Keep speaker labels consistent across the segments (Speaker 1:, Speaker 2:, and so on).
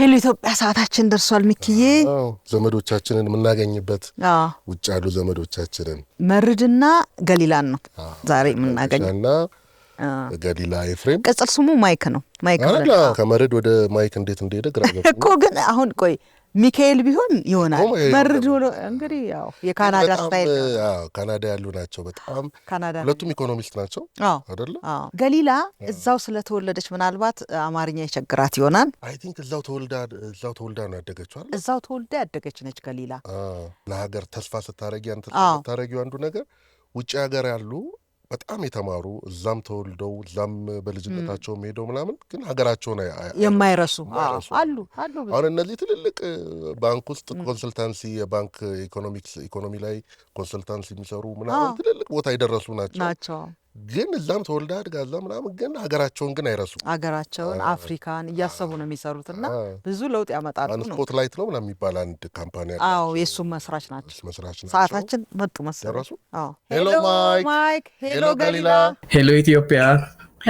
Speaker 1: ሄሎ ኢትዮጵያ ሰዓታችን ደርሷል። ሚክዬ
Speaker 2: ዘመዶቻችንን የምናገኝበት ውጭ ያሉ ዘመዶቻችንን
Speaker 1: መርድና ገሊላን ነው ዛሬ የምናገኝና
Speaker 2: ገሊላ ኤፍሬም
Speaker 1: ቅጽል ስሙ ማይክ ነው።
Speaker 2: ማይክ ከመርድ ወደ ማይክ እንዴት እንደሄደ
Speaker 1: ግራ እኮ ግን አሁን ቆይ ሚካኤል ቢሆን ይሆናል። መርድ ሆኖ እንግዲህ ያው የካናዳ
Speaker 2: ስታይል ካናዳ ያሉ ናቸው። በጣም ሁለቱም ኢኮኖሚስት ናቸው አይደለ?
Speaker 1: ገሊላ እዛው ስለተወለደች ምናልባት አማርኛ የቸግራት ይሆናል።
Speaker 2: አይ ቲንክ እዛው ተወልዳ ነው ያደገችዋል።
Speaker 1: እዛው ተወልዳ ያደገች ነች ገሊላ።
Speaker 2: ለሀገር ተስፋ ስታረጊ
Speaker 1: አንተ
Speaker 2: አንዱ ነገር ውጭ ሀገር ያሉ በጣም የተማሩ እዛም ተወልደው እዛም በልጅነታቸው ሄደው ምናምን ግን ሀገራቸውን
Speaker 1: የማይረሱ አሉ አሉ።
Speaker 2: አሁን እነዚህ ትልልቅ ባንክ ውስጥ ኮንስልታንሲ የባንክ ኢኮኖሚክስ ኢኮኖሚ ላይ ኮንስልታንሲ የሚሰሩ ምናምን ትልልቅ ቦታ የደረሱ ናቸው ናቸው። ግን እዛም ተወልዳ አድጋ እዛ ምናምን ግን ሀገራቸውን ግን አይረሱ
Speaker 1: ሀገራቸውን አፍሪካን እያሰቡ ነው የሚሰሩት እና ብዙ ለውጥ ያመጣሉ
Speaker 2: ነው። ስፖት ላይት ነው ምናምን የሚባል አንድ ካምፓኒ
Speaker 1: አዎ የእሱም መስራች ናቸው። መስራች ናቸው። ሰዓታችን መጡ መሰለኝ። ሄሎ ማይክ፣
Speaker 3: ሄሎ ገሊላ፣
Speaker 4: ሄሎ ኢትዮጵያ፣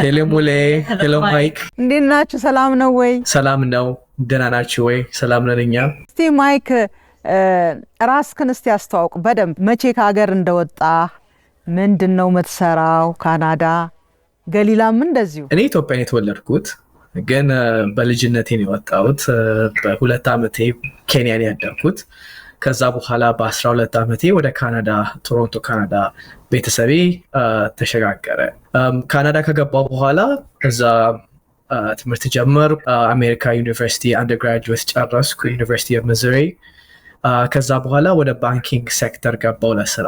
Speaker 4: ሄሎ ሙሌ፣ ሄሎ ማይክ፣
Speaker 1: እንዴት ናችሁ? ሰላም ነው ወይ?
Speaker 4: ሰላም ነው። ደህና ናችሁ ወይ? ሰላም ነን እኛ።
Speaker 1: እስቲ ማይክ ራስክን እስቲ አስተዋውቅ በደንብ መቼ ከሀገር እንደወጣ ምንድን ነው የምትሰራው? ካናዳ ገሊላም እንደዚሁ።
Speaker 4: እኔ ኢትዮጵያን የተወለድኩት ግን በልጅነቴ የወጣሁት። በሁለት ዓመቴ ኬንያን ያደርኩት። ከዛ በኋላ በ12 ዓመቴ ወደ ካናዳ ቶሮንቶ ካናዳ ቤተሰቤ ተሸጋገረ። ካናዳ ከገባ በኋላ እዛ ትምህርት ጀመር። አሜሪካ ዩኒቨርሲቲ አንደርግራጁዌት ጨረስኩ፣ ዩኒቨርሲቲ ኦፍ ሚዙሪ። ከዛ በኋላ ወደ ባንኪንግ ሴክተር ገባው ለስራ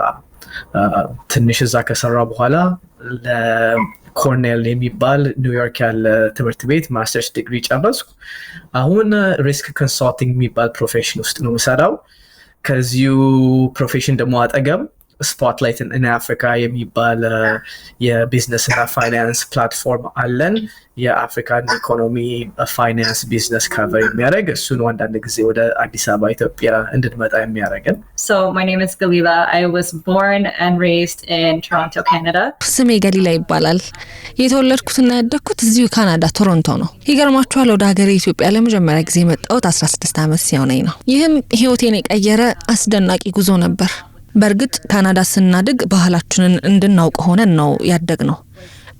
Speaker 4: ትንሽ እዛ ከሰራ በኋላ ለኮርኔል የሚባል ኒውዮርክ ያለ ትምህርት ቤት ማስተርስ ዲግሪ ጨረስኩ። አሁን ሪስክ ኮንሳልቲንግ የሚባል ፕሮፌሽን ውስጥ ነው የምሰራው። ከዚሁ ፕሮፌሽን ደግሞ አጠገብ ስፖትላይት ኢን አፍሪካ የሚባል የቢዝነስና ፋይናንስ ፕላትፎርም አለን። የአፍሪካን ኢኮኖሚ ፋይናንስ ቢዝነስ ካቨር የሚያደርግ እሱን አንዳንድ ጊዜ ወደ አዲስ አበባ ኢትዮጵያ እንድንመጣ የሚያደርግን።
Speaker 1: ስሜ ገሊላ ይባላል። የተወለድኩትና ያደግኩት እዚሁ ካናዳ ቶሮንቶ ነው። ይገርማችኋል ወደ ሀገሬ ኢትዮጵያ ለመጀመሪያ ጊዜ የመጣሁት 16 ዓመት ሲሆነኝ ነው። ይህም ህይወቴን የቀየረ አስደናቂ ጉዞ ነበር። በእርግጥ ካናዳ ስናድግ ባህላችንን እንድናውቅ ሆነን ነው ያደግ ነው።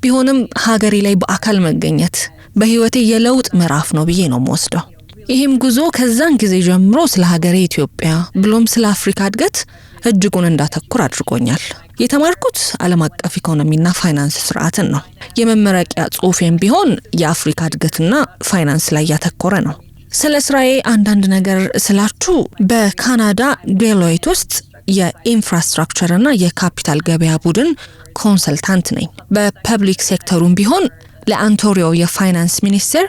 Speaker 1: ቢሆንም ሀገሬ ላይ በአካል መገኘት በህይወቴ የለውጥ ምዕራፍ ነው ብዬ ነው የምወስደው። ይህም ጉዞ ከዛን ጊዜ ጀምሮ ስለ ሀገሬ ኢትዮጵያ ብሎም ስለ አፍሪካ እድገት እጅጉን እንዳተኩር አድርጎኛል። የተማርኩት ዓለም አቀፍ ኢኮኖሚና ፋይናንስ ስርዓትን ነው። የመመረቂያ ጽሁፌም ቢሆን የአፍሪካ እድገትና ፋይናንስ ላይ ያተኮረ ነው። ስለ ስራዬ አንዳንድ ነገር ስላችሁ በካናዳ ዴሎይት ውስጥ የኢንፍራስትራክቸርና የካፒታል ገበያ ቡድን ኮንሰልታንት ነኝ። በፐብሊክ ሴክተሩም ቢሆን ለአንቶሪዮ የፋይናንስ ሚኒስቴር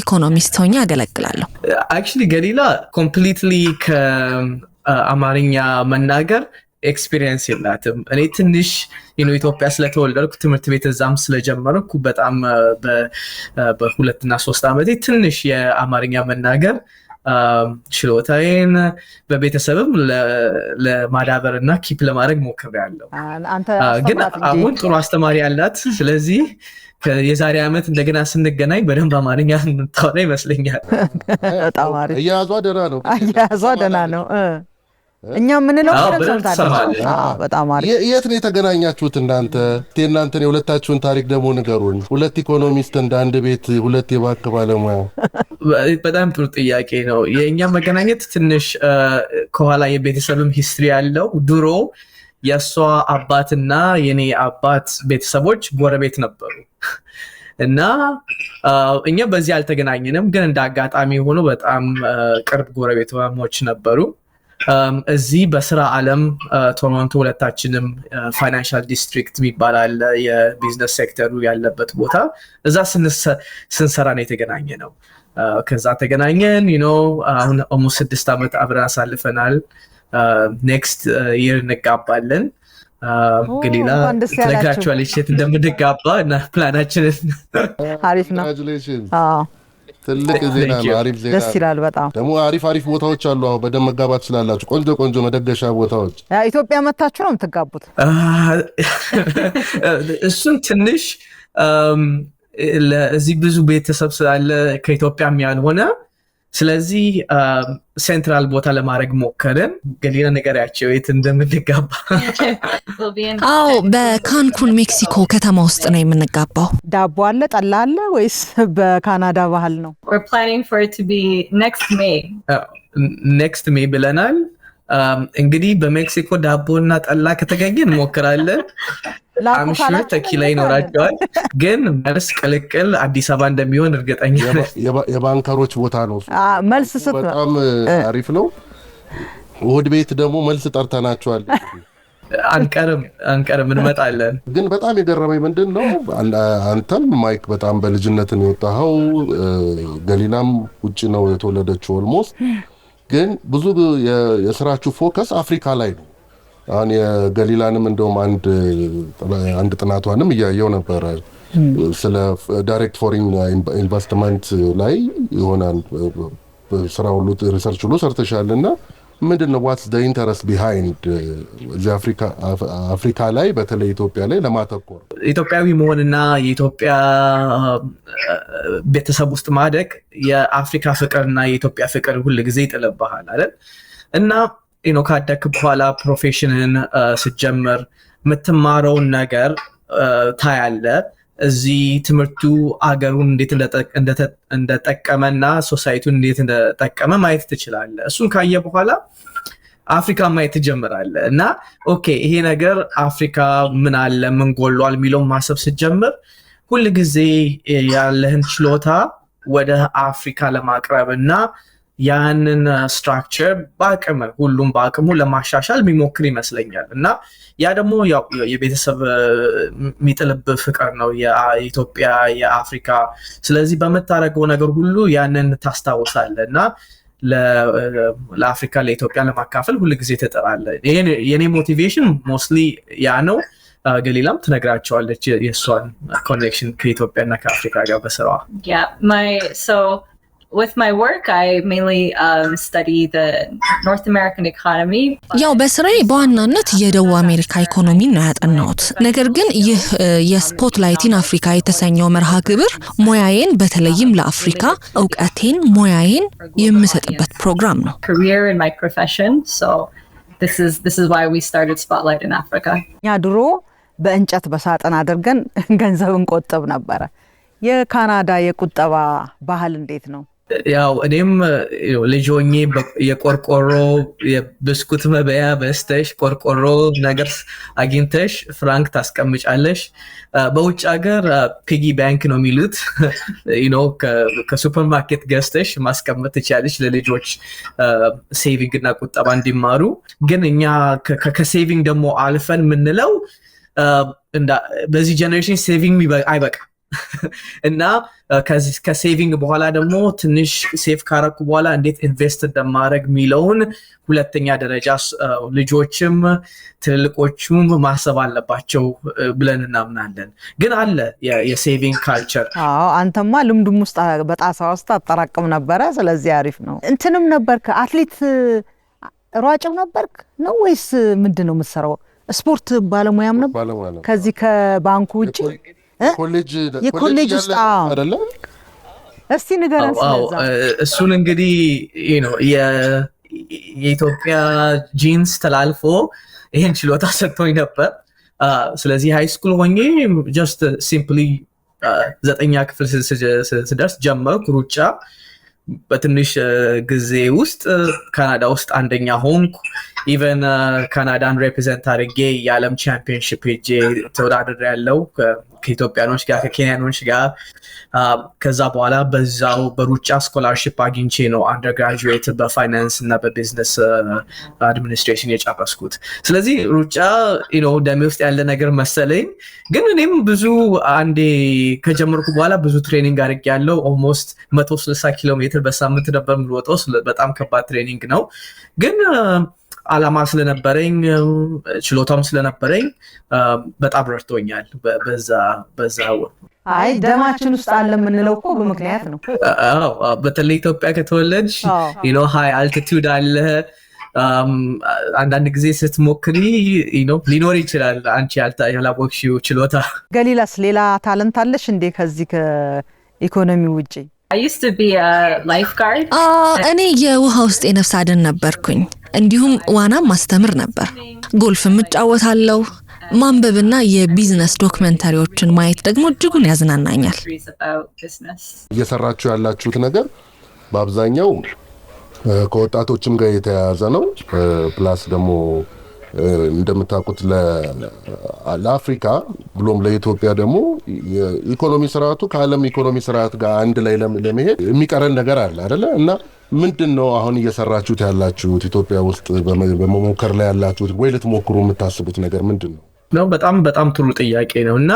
Speaker 1: ኢኮኖሚስት ሆኜ አገለግላለሁ።
Speaker 4: አክቹዋሊ ገሊላ ኮምፕሊትሊ ከአማርኛ መናገር ኤክስፒሪየንስ የላትም። እኔ ትንሽ ኢትዮጵያ ስለተወለድኩ ትምህርት ቤት እዛም ስለጀመርኩ በጣም በሁለትና ሶስት ዓመቴ ትንሽ የአማርኛ መናገር ችሎታዬን በቤተሰብም ለማዳበር እና ኪፕ ለማድረግ ሞክሬያለሁ። ግን አሁን ጥሩ አስተማሪ አላት። ስለዚህ የዛሬ ዓመት እንደገና ስንገናኝ በደንብ አማርኛ የምታወራ ይመስለኛል።
Speaker 2: እያያዟ ደህና ነው።
Speaker 1: እያያዟ ደህና ነው። እኛ የምንለው
Speaker 2: የት ነው የተገናኛችሁት? እናንተ የእናንተን የሁለታችሁን ታሪክ ደግሞ ንገሩን። ሁለት ኢኮኖሚስት እንደ አንድ ቤት፣ ሁለት የባንክ ባለሙያ።
Speaker 4: በጣም ጥሩ ጥያቄ ነው። የእኛ መገናኘት ትንሽ ከኋላ የቤተሰብም ሂስትሪ ያለው ድሮ የእሷ አባትና የኔ አባት ቤተሰቦች ጎረቤት ነበሩ እና እኛ በዚህ አልተገናኘንም፣ ግን እንደ አጋጣሚ ሆኖ በጣም ቅርብ ጎረቤታሞች ነበሩ። እዚህ በስራ ዓለም ቶሮንቶ ሁለታችንም ፋይናንሻል ዲስትሪክት ይባላል የቢዝነስ ሴክተሩ ያለበት ቦታ። እዛ ስንሰራ ነው የተገናኘ ነው። ከዛ ተገናኘን። አሁን ኦልሞስት ስድስት ዓመት አብረን አሳልፈናል። ኔክስት ይር እንጋባለን። ገሊላ ትነግራቸዋለች የት እንደምንጋባ እና ፕላናችንን።
Speaker 1: አሪፍ ነው። ትልቅ ዜና ነው። አሪፍ ዜና ደስ ይላል። በጣም
Speaker 2: ደግሞ አሪፍ አሪፍ ቦታዎች አሉ። አሁን በደም መጋባት ስላላችሁ ቆንጆ ቆንጆ መደገሻ ቦታዎች
Speaker 1: ኢትዮጵያ መታችሁ ነው የምትጋቡት።
Speaker 4: እሱን ትንሽ እዚህ ብዙ ቤተሰብ ስላለ ከኢትዮጵያም ያልሆነ ስለዚህ ሴንትራል um, ቦታ ለማድረግ ሞከርን። ገሊና ንገሪያቸው የት እንደምንጋባ።
Speaker 1: አዎ በካንኩን ሜክሲኮ ከተማ ውስጥ ነው የምንጋባው። ዳቦ አለ፣ ጠላ አለ ወይስ በካናዳ ባህል ነው?
Speaker 4: ኔክስት ሜይ uh, ብለናል። Um, እንግዲህ በሜክሲኮ ዳቦ እና ጠላ ከተገኘ እንሞክራለን። አምሹር ተኪላ ይኖራቸዋል፣ ግን መልስ ቅልቅል አዲስ አበባ እንደሚሆን እርግጠኛ
Speaker 2: የባንከሮች ቦታ ነው። መልስ በጣም አሪፍ ነው። እሑድ ቤት ደግሞ መልስ ጠርተናቸዋል።
Speaker 4: አንቀርም አንቀርም፣ እንመጣለን።
Speaker 2: ግን በጣም የገረመኝ ምንድን ነው አንተም ማይክ በጣም በልጅነትን የወጣኸው ገሊናም ውጭ ነው የተወለደችው ኦልሞስት ግን ብዙ የስራችሁ ፎከስ አፍሪካ ላይ ነው። አሁን የገሊላንም እንደውም አንድ ጥናቷንም እያየው ነበረ ስለ ዳይሬክት ፎሪን ኢንቨስትመንት ላይ ይሆናል ስራ ሁሉ ሪሰርች ሁሉ ሰርተሻል እና ምንድን ነው ዋትስ ኢንተረስት ቢሃይንድ እዚህ አፍሪካ ላይ በተለይ ኢትዮጵያ ላይ ለማተኮር
Speaker 4: ኢትዮጵያዊ መሆንና የኢትዮጵያ ቤተሰብ ውስጥ ማደግ የአፍሪካ ፍቅርና የኢትዮጵያ ፍቅር ሁል ጊዜ ይጥልብሃል አይደል? እና ካደክ በኋላ ፕሮፌሽንን uh, ስጀምር የምትማረውን ነገር uh, ታያለ እዚህ ትምህርቱ አገሩን እንዴት እንደጠቀመና ሶሳይቲውን እንዴት እንደጠቀመ ማየት ትችላለ እሱን ካየ በኋላ አፍሪካ ማየት ትጀምራለ እና ኦኬ ይሄ ነገር አፍሪካ ምን አለ ምን ጎሏል የሚለውን ማሰብ ስትጀምር ጊዜ ያለህን ችሎታ ወደ አፍሪካ ለማቅረብ እና ያንን ስትራክቸር uh, በአቅም ሁሉም በአቅሙ ለማሻሻል የሚሞክር ይመስለኛል። እና ያ ደግሞ የቤተሰብ uh, የሚጥልብ ፍቅር ነው የኢትዮጵያ የአፍሪካ። ስለዚህ በምታደርገው ነገር ሁሉ ያንን ታስታውሳለህ እና uh, ለአፍሪካ ለኢትዮጵያ ለማካፈል ሁልጊዜ ትጥራለህ። የኔ ሞቲቬሽን ሞስትሊ ያ ነው። ገሊላም ትነግራቸዋለች የእሷን ኮኔክሽን ከኢትዮጵያ እና ከአፍሪካ ጋር በስራዋ
Speaker 1: ያው በስራዬ በዋናነት የደቡብ አሜሪካ ኢኮኖሚ ነው ያጠናሁት። ነገር ግን ይህ የስፖትላይቲን አፍሪካ የተሰኘው መርሃ ግብር ሙያዬን በተለይም ለአፍሪካ እውቀቴን፣ ሙያዬን የምሰጥበት ፕሮግራም ነው። እኛ ድሮ በእንጨት በሳጥን አድርገን ገንዘብ እንቆጥብ ነበረ። የካናዳ የቁጠባ ባህል እንዴት ነው?
Speaker 4: ያው እኔም ልጆኜ የቆርቆሮ የብስኩት መበያ በስተሽ ቆርቆሮ ነገር አግኝተሽ ፍራንክ ታስቀምጫለሽ። በውጭ ሀገር ፒጊ ባንክ ነው የሚሉት። ከሱፐርማርኬት ገዝተሽ ማስቀመጥ ትችላለች ለልጆች ሴቪንግ እና ቁጠባ እንዲማሩ። ግን እኛ ከሴቪንግ ደግሞ አልፈን የምንለው በዚህ ጀኔሬሽን ሴቪንግ አይበቃም። እና ከሴቪንግ በኋላ ደግሞ ትንሽ ሴቭ ካረኩ በኋላ እንዴት ኢንቨስት እንደማድረግ የሚለውን ሁለተኛ ደረጃ ልጆችም ትልልቆቹም ማሰብ አለባቸው ብለን እናምናለን። ግን አለ የሴቪንግ ካልቸር።
Speaker 1: አዎ አንተማ ልምዱም ውስጥ በጣሳ ውስጥ አጠራቅም ነበረ። ስለዚህ አሪፍ ነው። እንትንም ነበርክ አትሌት ሯጭም ነበርክ ነው ወይስ ምንድን ነው የምትሰራው? ስፖርት ባለሙያም ነው ከዚህ ከባንኩ ውጭ የኮሌጅ ውስጥ እስቲ ንገረን
Speaker 4: እሱን እንግዲህ የኢትዮጵያ ጂንስ ተላልፎ ይሄን ችሎታ ሰጥቶኝ ነበር። ስለዚህ ሃይ ስኩል ሆኜ ጀስት ሲምፕሊ ዘጠኛ ክፍል ስደርስ ጀመርኩ ሩጫ። በትንሽ ጊዜ ውስጥ ካናዳ ውስጥ አንደኛ ሆንኩ። ኢቨን uh, ካናዳን ሬፕሬዘንት አድርጌ የዓለም ቻምፒዮንሽፕ ሄጄ ተወዳድር ያለው ከኢትዮጵያኖች ጋር ከኬንያኖች ጋር። ከዛ በኋላ በዛው በሩጫ ስኮላርሽፕ አግኝቼ ነው አንደር በፋይናንስ እና በቢዝነስ አድሚኒስትሬሽን የጨረስኩት። ስለዚህ ሩጫ ደሜ ውስጥ ያለ ነገር መሰለኝ። ግን እኔም ብዙ አንዴ ከጀመርኩ በኋላ ብዙ ትሬኒንግ አድርግ ያለው ኦልሞስት ስልሳ ኪሎ ሜትር በሳምንት ነበር የምሮጠው። በጣም ከባድ ትሬኒንግ ነው ግን አላማ ስለነበረኝ ችሎታም ስለነበረኝ በጣም ረድቶኛል። በዛ
Speaker 1: አይ ደማችን ውስጥ አለ የምንለው እኮ በምክንያት ነው።
Speaker 4: በተለይ ኢትዮጵያ ከተወለድሽ ሀይ አልቲቱድ አለ አንዳንድ ጊዜ ስትሞክሪ ሊኖር ይችላል። አንቺ ያላወቅሽው ችሎታ።
Speaker 1: ገሊላስ ሌላ ታለንት አለሽ እንዴ ከዚህ ከኢኮኖሚ ውጭ?
Speaker 5: Uh,
Speaker 1: እኔ የውሃ ውስጥ የነፍስ አድን ነበርኩኝ። እንዲሁም ዋናም ማስተምር ነበር። ጎልፍም እጫወታለሁ። ማንበብና የቢዝነስ ዶክመንታሪዎችን ማየት ደግሞ እጅጉን ያዝናናኛል።
Speaker 2: እየሰራችሁ ያላችሁት ነገር በአብዛኛው ከወጣቶችም ጋር የተያያዘ ነው። ፕላስ ደግሞ እንደምታውቁት ለአፍሪካ ብሎም ለኢትዮጵያ ደግሞ የኢኮኖሚ ስርዓቱ ከዓለም ኢኮኖሚ ስርዓት ጋር አንድ ላይ ለመሄድ የሚቀረን ነገር አለ አደለ እና ምንድን ነው አሁን እየሰራችሁት ያላችሁት ኢትዮጵያ ውስጥ በመሞከር ላይ ያላችሁት ወይ ልትሞክሩ የምታስቡት ነገር ምንድን ነው?
Speaker 4: ነው በጣም በጣም ጥሩ ጥያቄ ነው እና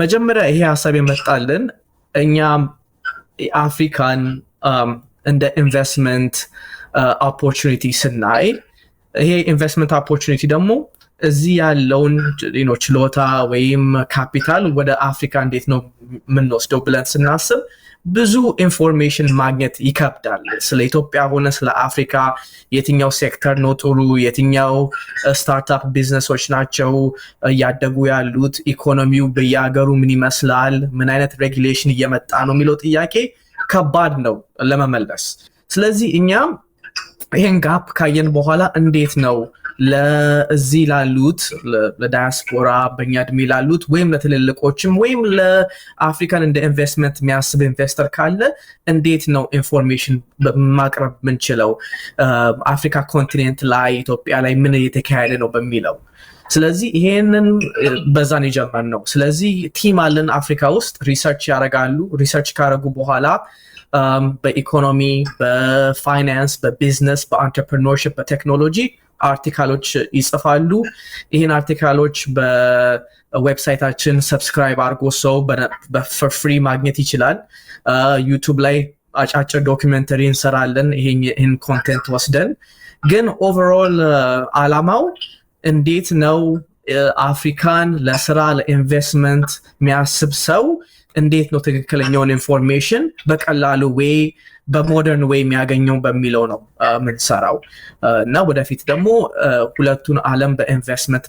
Speaker 4: መጀመሪያ ይሄ ሀሳብ የመጣልን እኛ አፍሪካን እንደ ኢንቨስትመንት ኦፖርቹኒቲ ስናይ ይሄ ኢንቨስትመንት ኦፖርቹኒቲ ደግሞ እዚህ ያለውን ችሎታ ወይም ካፒታል ወደ አፍሪካ እንዴት ነው የምንወስደው ብለን ስናስብ ብዙ ኢንፎርሜሽን ማግኘት ይከብዳል። ስለ ኢትዮጵያ ሆነ ስለ አፍሪካ የትኛው ሴክተር ነው ጥሩ፣ የትኛው ስታርታፕ uh, ቢዝነሶች ናቸው እያደጉ ያሉት፣ ኢኮኖሚው በየሀገሩ ምን ይመስላል፣ ምን አይነት ሬጉሌሽን እየመጣ ነው የሚለው ጥያቄ ከባድ ነው ለመመለስ። ስለዚህ እኛም ይሄን ጋፕ ካየን በኋላ እንዴት ነው ለእዚህ ላሉት ለዳያስፖራ በኛ እድሜ ላሉት ወይም ለትልልቆችም ወይም ለአፍሪካን እንደ ኢንቨስትመንት የሚያስብ ኢንቨስተር ካለ እንዴት ነው ኢንፎርሜሽን ማቅረብ የምንችለው አፍሪካ ኮንቲኔንት ላይ ኢትዮጵያ ላይ ምን እየተካሄደ ነው በሚለው ስለዚህ ይሄንን በዛን ነው ስለዚህ ቲም አለን አፍሪካ ውስጥ ሪሰርች ያደርጋሉ ሪሰርች ካደረጉ በኋላ Um, በኢኮኖሚ፣ በፋይናንስ፣ በቢዝነስ፣ በአንተርፕርኖርሽፕ፣ በቴክኖሎጂ አርቲካሎች ይጽፋሉ። ይህን አርቲካሎች በዌብሳይታችን ሰብስክራይብ አድርጎ ሰው በፍሪ ማግኘት ይችላል። ዩቱብ ላይ አጫጭር ዶክመንተሪ እንሰራለን። ይህን ኮንቴንት ወስደን ግን ኦቨርኦል አላማው እንዴት ነው አፍሪካን ለስራ ለኢንቨስትመንት የሚያስብ ሰው እንዴት ነው ትክክለኛውን ኢንፎርሜሽን በቀላሉ ዌይ በሞደርን ዌይ የሚያገኘው በሚለው ነው የምንሰራው እና ወደፊት ደግሞ ሁለቱን ዓለም በኢንቨስትመንት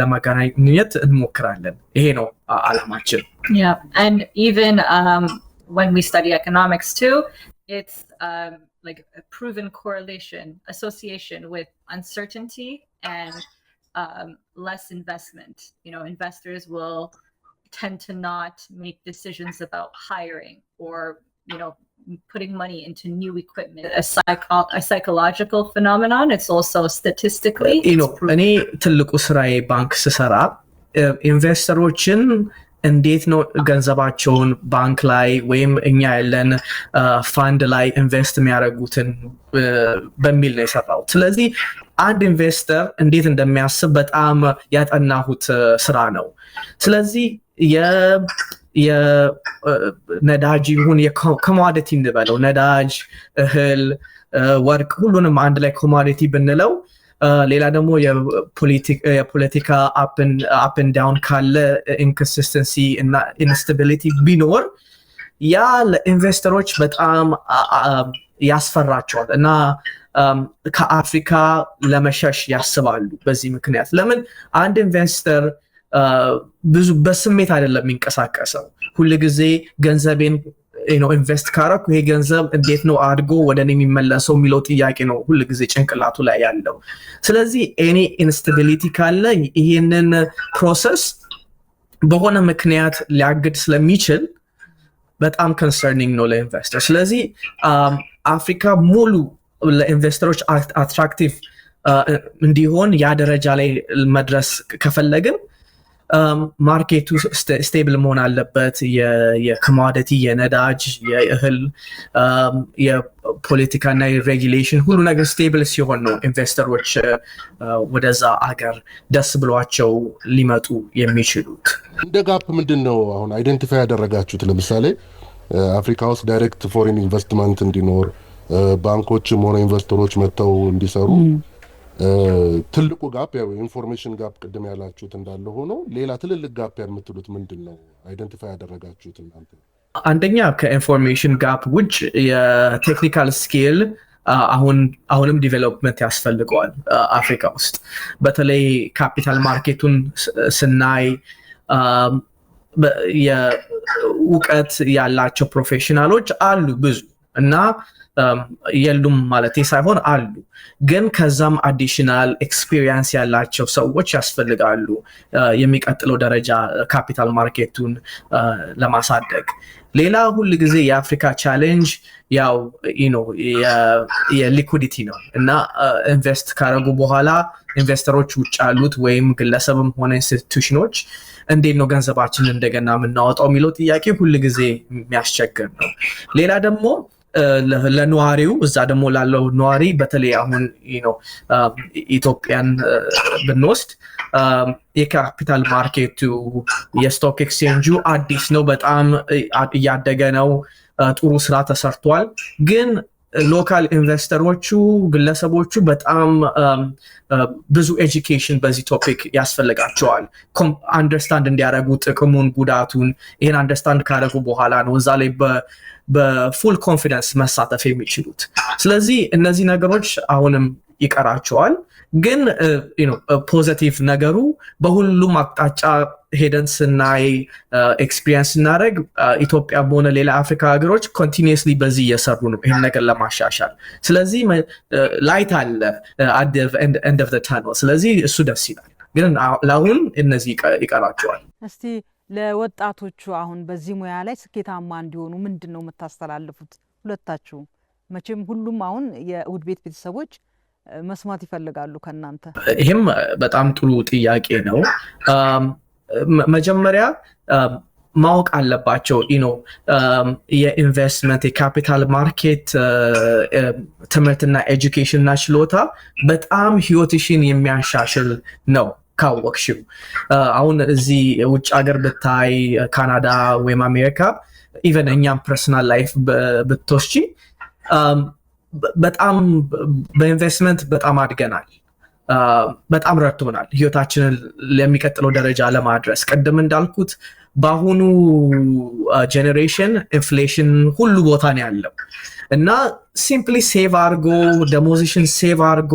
Speaker 4: ለማገናኘት እንሞክራለን። ይሄ ነው ዓላማችን።
Speaker 5: um, when we study economics too, it's um, like a proven correlation, association with uncertainty and um, less investment. You know, investors will tend to not make decisions about hiring or you know putting money into new equipment a, psycho- a psychological phenomenon it's also statistically
Speaker 4: you know እኔ ትልቁ ስራዬ ባንክ ስሰራ uh, ኢንቨስተሮችን እንዴት ነው ገንዘባቸውን ባንክ ላይ ወይም እኛ ያለን ፋንድ uh, ላይ ኢንቨስት የሚያደርጉትን uh, በሚል ነው የሰራው ስለዚህ አንድ ኢንቨስተር እንዴት እንደሚያስብ በጣም ያጠናሁት ስራ ነው ስለዚህ የነዳጅ ይሁን የኮሞዲቲ እንበለው ነዳጅ፣ እህል፣ ወርቅ ሁሉንም አንድ ላይ ኮማዲቲ ብንለው ሌላ ደግሞ የፖለቲካ አፕን ዳውን ካለ ኢንኮንሲስተንሲ እና ኢንስታቢሊቲ ቢኖር ያ ለኢንቨስተሮች በጣም ያስፈራቸዋል እና ከአፍሪካ ለመሸሽ ያስባሉ። በዚህ ምክንያት ለምን አንድ ኢንቨስተር ብዙ በስሜት አይደለም የሚንቀሳቀሰው። ሁልጊዜ ገንዘቤን ኢንቨስት ካረኩ ይሄ ገንዘብ እንዴት ነው አድጎ ወደ እኔ የሚመለሰው የሚለው ጥያቄ ነው ጊዜ ጭንቅላቱ ላይ ያለው። ስለዚህ እኔ ኢንስታቢሊቲ ካለ ይሄንን ፕሮሰስ በሆነ ምክንያት ሊያግድ ስለሚችል በጣም ኮንሰርኒንግ ነው ለኢንቨስተር። ስለዚህ አፍሪካ ሙሉ ለኢንቨስተሮች አትራክቲቭ እንዲሆን ያ ደረጃ ላይ መድረስ ከፈለግን Um, ማርኬቱ ስቴብል መሆን አለበት። የኮማዲቲ፣ የነዳጅ፣ የእህል፣ um, የፖለቲካና የሬጊሌሽን ሁሉ ነገር ስቴብል ሲሆን ነው ኢንቨስተሮች uh, ወደዛ አገር ደስ ብሏቸው ሊመጡ የሚችሉት።
Speaker 2: እንደ ጋፕ ምንድን ነው አሁን አይደንቲፋይ ያደረጋችሁት? ለምሳሌ uh, አፍሪካ ውስጥ ዳይሬክት ፎሪን ኢንቨስትመንት እንዲኖር uh, ባንኮችም ሆነ ኢንቨስተሮች መጥተው እንዲሰሩ ትልቁ ጋፕ ያው ኢንፎርሜሽን ጋፕ ቅድም ያላችሁት እንዳለ ሆኖ ሌላ ትልልቅ ጋፕ የምትሉት ምንድን ነው? አይደንቲፋይ ያደረጋችሁት እናንተ?
Speaker 4: አንደኛ ከኢንፎርሜሽን ጋፕ ውጭ የቴክኒካል ስኬል አሁንም ዲቨሎፕመንት ያስፈልገዋል አፍሪካ ውስጥ በተለይ ካፒታል ማርኬቱን ስናይ እውቀት ያላቸው ፕሮፌሽናሎች አሉ ብዙ እና Um, የሉም ማለት ሳይሆን አሉ፣ ግን ከዛም አዲሽናል ኤክስፒሪየንስ ያላቸው ሰዎች ያስፈልጋሉ uh, የሚቀጥለው ደረጃ ካፒታል ማርኬቱን uh, ለማሳደግ። ሌላ ሁል ጊዜ የአፍሪካ ቻሌንጅ ያው የሊኩዲቲ ነው እና ኢንቨስት uh, ካረጉ በኋላ ኢንቨስተሮች ውጭ ያሉት ወይም ግለሰብም ሆነ ኢንስቲቱሽኖች እንዴት ነው ገንዘባችንን እንደገና የምናወጣው የሚለው ጥያቄ ሁል ጊዜ የሚያስቸግር ነው። ሌላ ደግሞ ለነዋሪው እዛ ደግሞ ላለው ነዋሪ በተለይ አሁን ነው ኢትዮጵያን ብንወስድ የካፒታል ማርኬቱ የስቶክ ኤክስቼንጁ አዲስ ነው፣ በጣም እያደገ ነው። ጥሩ ስራ ተሰርቷል ግን ሎካል ኢንቨስተሮቹ ግለሰቦቹ በጣም ብዙ ኤጁኬሽን በዚህ ቶፒክ ያስፈልጋቸዋል። አንደርስታንድ እንዲያደረጉ ጥቅሙን፣ ጉዳቱን ይህን አንደርስታንድ ካደረጉ በኋላ ነው እዛ ላይ በፉል ኮንፊደንስ መሳተፍ የሚችሉት። ስለዚህ እነዚህ ነገሮች አሁንም ይቀራቸዋል። ግን ፖዘቲቭ uh, uh, ነገሩ በሁሉም አቅጣጫ ሄደን ስናይ ኤክስፒሪየንስ uh, ስናደረግ ኢትዮጵያ በሆነ ሌላ አፍሪካ ሀገሮች ኮንቲኒየስሊ በዚህ እየሰሩ ነው ይህን ነገር ለማሻሻል። ስለዚህ ላይት አለ ኤንድ ኦፍ ተነል። ስለዚህ እሱ ደስ ይላል። ግን ለአሁን እነዚህ ይቀራቸዋል።
Speaker 1: እስቲ ለወጣቶቹ አሁን በዚህ ሙያ ላይ ስኬታማ እንዲሆኑ ምንድን ነው የምታስተላልፉት? ሁለታችሁም መቼም ሁሉም አሁን የእሁድ ቤት ቤተሰቦች መስማት ይፈልጋሉ ከእናንተ?
Speaker 4: ይህም በጣም ጥሩ ጥያቄ ነው። መጀመሪያ ማወቅ አለባቸው ኢኖ የኢንቨስትመንት የካፒታል ማርኬት ትምህርትና ኤጁኬሽንና ችሎታ በጣም ህይወትሽን የሚያሻሽል ነው ካወቅሽው። አሁን እዚህ ውጭ ሀገር ብታይ ካናዳ ወይም አሜሪካ ኢቨን እኛም ፐርሰናል ላይፍ ብትወስጂ በጣም በኢንቨስትመንት በጣም አድገናል። በጣም ረድቶናል ህይወታችንን ለሚቀጥለው ደረጃ ለማድረስ። ቅድም እንዳልኩት በአሁኑ ጄኔሬሽን ኢንፍሌሽን ሁሉ ቦታ ነው ያለው እና ሲምፕሊ ሴቭ አርጎ ደሞዚሽን ሴቭ አድርጎ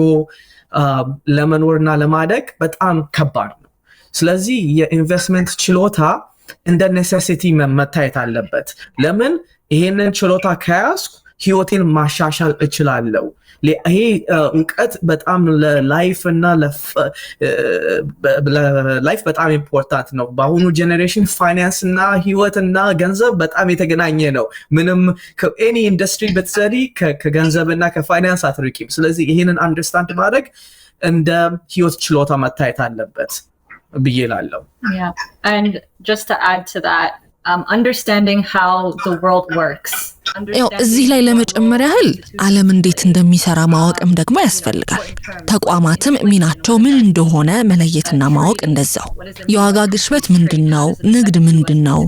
Speaker 4: ለመኖር እና ለማደግ በጣም ከባድ ነው። ስለዚህ የኢንቨስትመንት ችሎታ እንደ ኔሴሲቲ መታየት አለበት። ለምን ይሄንን ችሎታ ከያዝኩ ህይወቴን ማሻሻል እችላለሁ። ይሄ እውቀት በጣም ለላይፍ እና ለላይፍ በጣም ኢምፖርታንት ነው። በአሁኑ ጀኔሬሽን ፋይናንስ እና ህይወት እና ገንዘብ በጣም የተገናኘ ነው። ምንም ከኤኒ ኢንዱስትሪ ብትሰሪ ከገንዘብ እና ከፋይናንስ አትርቂም። ስለዚህ ይህንን አንደርስታንድ ማድረግ እንደ ህይወት ችሎታ መታየት አለበት ብዬ ላለው።
Speaker 5: Um,
Speaker 1: እዚህ ላይ ለመጨመር ያህል ዓለም እንዴት እንደሚሰራ ማወቅም ደግሞ ያስፈልጋል። ተቋማትም ሚናቸው ምን እንደሆነ መለየትና ማወቅ እንደዛው። የዋጋ ግሽበት ምንድን ነው? ንግድ ምንድን ነው?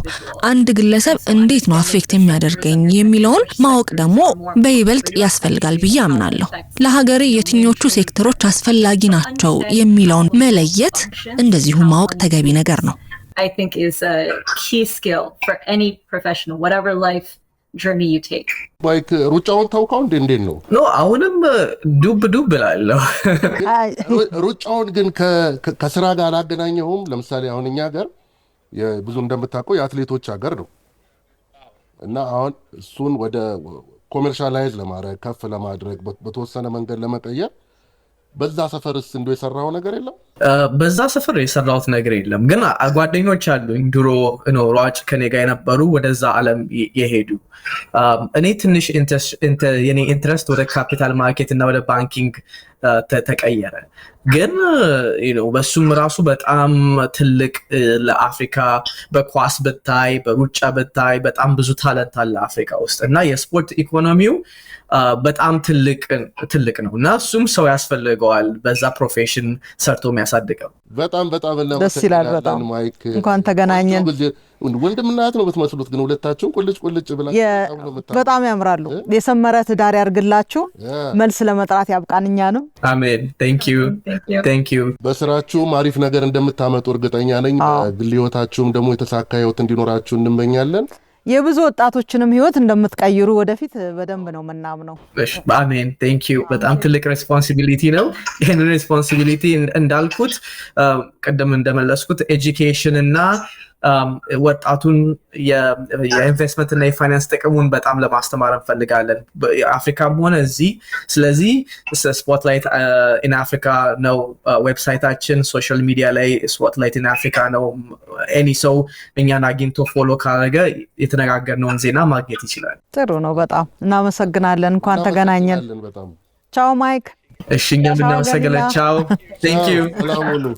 Speaker 1: አንድ ግለሰብ እንዴት ነው አፌክት የሚያደርገኝ የሚለውን ማወቅ ደግሞ በይበልጥ ያስፈልጋል ብዬ አምናለሁ። ለሀገሬ የትኞቹ ሴክተሮች አስፈላጊ ናቸው የሚለውን መለየት እንደዚሁ ማወቅ ተገቢ ነገር ነው።
Speaker 5: I think is a key skill for any professional, whatever life journey you take.
Speaker 2: ባይክ ሩጫውን ታውቀው እንዴ? እንዴት ነው
Speaker 4: ኖ አሁንም ዱብ ዱብ እላለሁ።
Speaker 2: ሩጫውን ግን ከስራ ጋር አላገናኘሁም። ለምሳሌ አሁን እኛ ሀገር ብዙ እንደምታውቀው የአትሌቶች ሀገር ነው እና አሁን እሱን ወደ ኮሜርሻላይዝ ለማድረግ ከፍ ለማድረግ በተወሰነ መንገድ ለመቀየር በዛ ሰፈርስ እንዶ የሰራው ነገር የለም?
Speaker 4: በዛ ሰፈር የሰራሁት ነገር የለም፣ ግን ጓደኞች አሉኝ ድሮ ሯጭ ከኔ ጋር የነበሩ ወደዛ አለም የሄዱ። እኔ ትንሽ ኢንትረስት ወደ ካፒታል ማርኬት እና ወደ ባንኪንግ ተቀየረ። ግን በሱም ራሱ በጣም ትልቅ ለአፍሪካ በኳስ ብታይ በሩጫ ብታይ በጣም ብዙ ታለንት አለ አፍሪካ ውስጥ እና የስፖርት ኢኮኖሚው በጣም ትልቅ ነው እና እሱም ሰው ያስፈልገዋል በዛ ፕሮፌሽን ሰርቶ የሚያሳድገው።
Speaker 1: በጣም በጣም ደስ ይላል። በጣም እንኳን ተገናኘን። ወንድምና እህት ነው ብትመስሉት፣ ግን ሁለታችሁም ቁልጭ ቁልጭ ብላ በጣም ያምራሉ። የሰመረ ትዳር ያርግላችሁ። መልስ ለመጥራት ያብቃን እኛንም።
Speaker 4: አሜን።
Speaker 2: በስራችሁም አሪፍ ነገር እንደምታመጡ እርግጠኛ ነኝ። ግል ህይወታችሁም ደግሞ የተሳካ ህይወት እንዲኖራችሁ እንመኛለን።
Speaker 1: የብዙ ወጣቶችንም ህይወት እንደምትቀይሩ ወደፊት በደንብ ነው ምናምነው።
Speaker 4: አሜን ዩ። በጣም ትልቅ ሬስፖንሲቢሊቲ ነው። ይህን ሬስፖንሲቢሊቲ እንዳልኩት ቅድም እንደመለስኩት ኤጁኬሽን እና Um, ወጣቱን የኢንቨስትመንት እና የፋይናንስ ጥቅሙን በጣም ለማስተማር እንፈልጋለን አፍሪካም ሆነ እዚህ። ስለዚህ ስፖትላይት ኢን አፍሪካ ነው ዌብሳይታችን። ሶሻል ሚዲያ ላይ ስፖትላይት ኢን አፍሪካ ነው። ኤኒ ሰው እኛን አግኝቶ ፎሎ ካደረገ የተነጋገርነውን ዜና ማግኘት ይችላል።
Speaker 1: ጥሩ ነው። በጣም እናመሰግናለን። እንኳን ተገናኘን። ቻው ማይክ።
Speaker 4: እሺ እኛም እናመሰግናለን። ቻው ቴንክ ዩ